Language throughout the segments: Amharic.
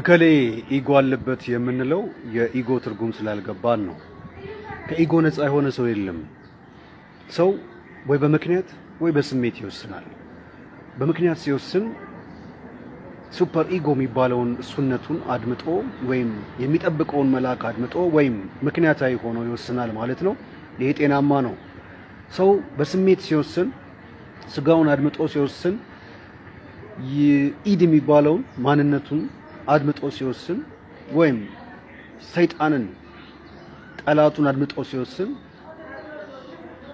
እከሌ ኢጎ አለበት የምንለው የኢጎ ትርጉም ስላልገባን ነው። ከኢጎ ነፃ የሆነ ሰው የለም። ሰው ወይ በምክንያት ወይ በስሜት ይወስናል። በምክንያት ሲወስን ሱፐር ኢጎ የሚባለውን እሱነቱን አድምጦ ወይም የሚጠብቀውን መልአክ አድምጦ ወይም ምክንያታዊ ሆኖ ይወስናል ማለት ነው። ይሄ ጤናማ ነው። ሰው በስሜት ሲወስን፣ ስጋውን አድምጦ ሲወስን ኢድ የሚባለውን ማንነቱን አድምጦ ሲወስን ወይም ሰይጣንን ጠላቱን አድምጦ ሲወስን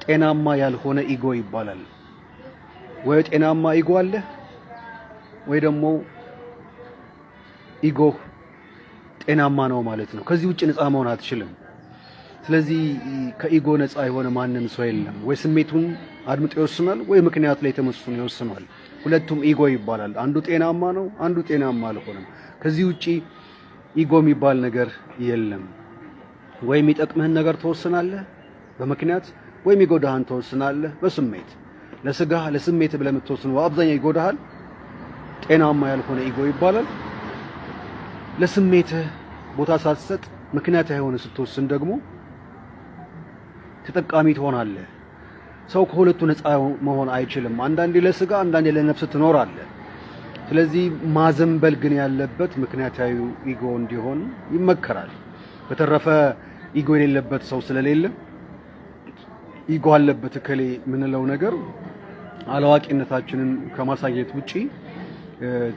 ጤናማ ያልሆነ ኢጎ ይባላል። ወይ ጤናማ ኢጎ አለህ ወይ ደግሞ ኢጎ ጤናማ ነው ማለት ነው። ከዚህ ውጭ ነፃ መሆን አትችልም። ስለዚህ ከኢጎ ነፃ የሆነ ማንም ሰው የለም። ወይ ስሜቱን አድምጦ ይወስናል፣ ወይ ምክንያቱ ላይ ተመስርቶ ይወስናል። ሁለቱም ኢጎ ይባላል። አንዱ ጤናማ ነው፣ አንዱ ጤናማ አልሆነም። ከዚህ ውጪ ኢጎ የሚባል ነገር የለም። ወይ የሚጠቅምህን ነገር ተወስናለህ በምክንያት ወይ የሚጎዳህን ተወስናለህ በስሜት ለስጋ ለስሜት ብለህ የምትወስነው ይጎዳሃል፣ ጤናማ ያልሆነ ኢጎ ይባላል። ለስሜትህ ቦታ ሳትሰጥ ምክንያት የሆነ ስትወስን ደግሞ ተጠቃሚ ትሆናለህ። ሰው ከሁለቱ ነፃ መሆን አይችልም። አንዳንዴ ለስጋ አንዳንዴ ለነፍስ ትኖራለህ። ስለዚህ ማዘንበል ግን ያለበት ምክንያታዊ ኢጎ እንዲሆን ይመከራል። በተረፈ ኢጎ የሌለበት ሰው ስለሌለ ኢጎ አለበት እከሌ የምንለው ነገር አላዋቂነታችንን ከማሳየት ውጪ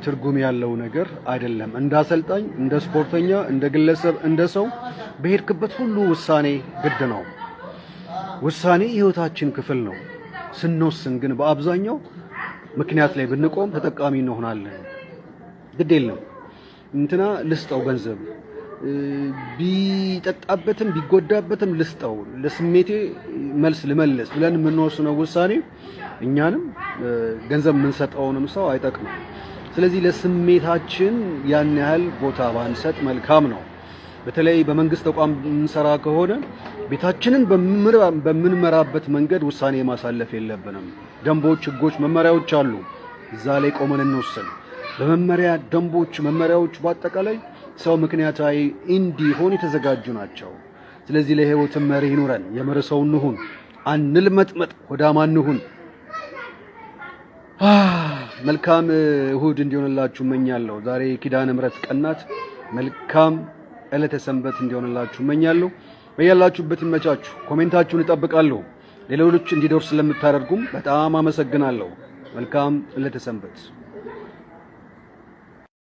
ትርጉም ያለው ነገር አይደለም። እንደ አሰልጣኝ፣ እንደ ስፖርተኛ፣ እንደ ግለሰብ፣ እንደ ሰው በሄድክበት ሁሉ ውሳኔ ግድ ነው። ውሳኔ የህይወታችን ክፍል ነው። ስንወስን ግን በአብዛኛው ምክንያት ላይ ብንቆም ተጠቃሚ እንሆናለን። ግድ የለም እንትና ልስጠው ገንዘብ ቢጠጣበትም ቢጎዳበትም ልስጠው፣ ለስሜቴ መልስ ልመለስ ብለን የምንወስነው ውሳኔ እኛንም ገንዘብ የምንሰጠውንም ሰው አይጠቅምም። ስለዚህ ለስሜታችን ያን ያህል ቦታ ባንሰጥ መልካም ነው። በተለይ በመንግስት ተቋም የምንሰራ ከሆነ ቤታችንን በምንመራበት መንገድ ውሳኔ ማሳለፍ የለብንም። ደንቦች፣ ህጎች፣ መመሪያዎች አሉ። እዛ ላይ ቆመን እንወስን። በመመሪያ ደንቦች፣ መመሪያዎች በአጠቃላይ ሰው ምክንያታዊ እንዲሆን የተዘጋጁ ናቸው። ስለዚህ ለህይወትን መሪ ይኑረን። የመርሰው እንሁን፣ አንልመጥመጥ፣ ሆዳማ እንሁን። መልካም እሁድ እንዲሆንላችሁ እመኛለሁ። ዛሬ ኪዳነ ምሕረት ቀናት፣ መልካም ዕለተ ሰንበት እንዲሆንላችሁ እመኛለሁ። በያላችሁበት ይመቻችሁ። ኮሜንታችሁን እጠብቃለሁ። ለሌሎች እንዲደርስ ስለምታደርጉም በጣም አመሰግናለሁ። መልካም ዕለተ ሰንበት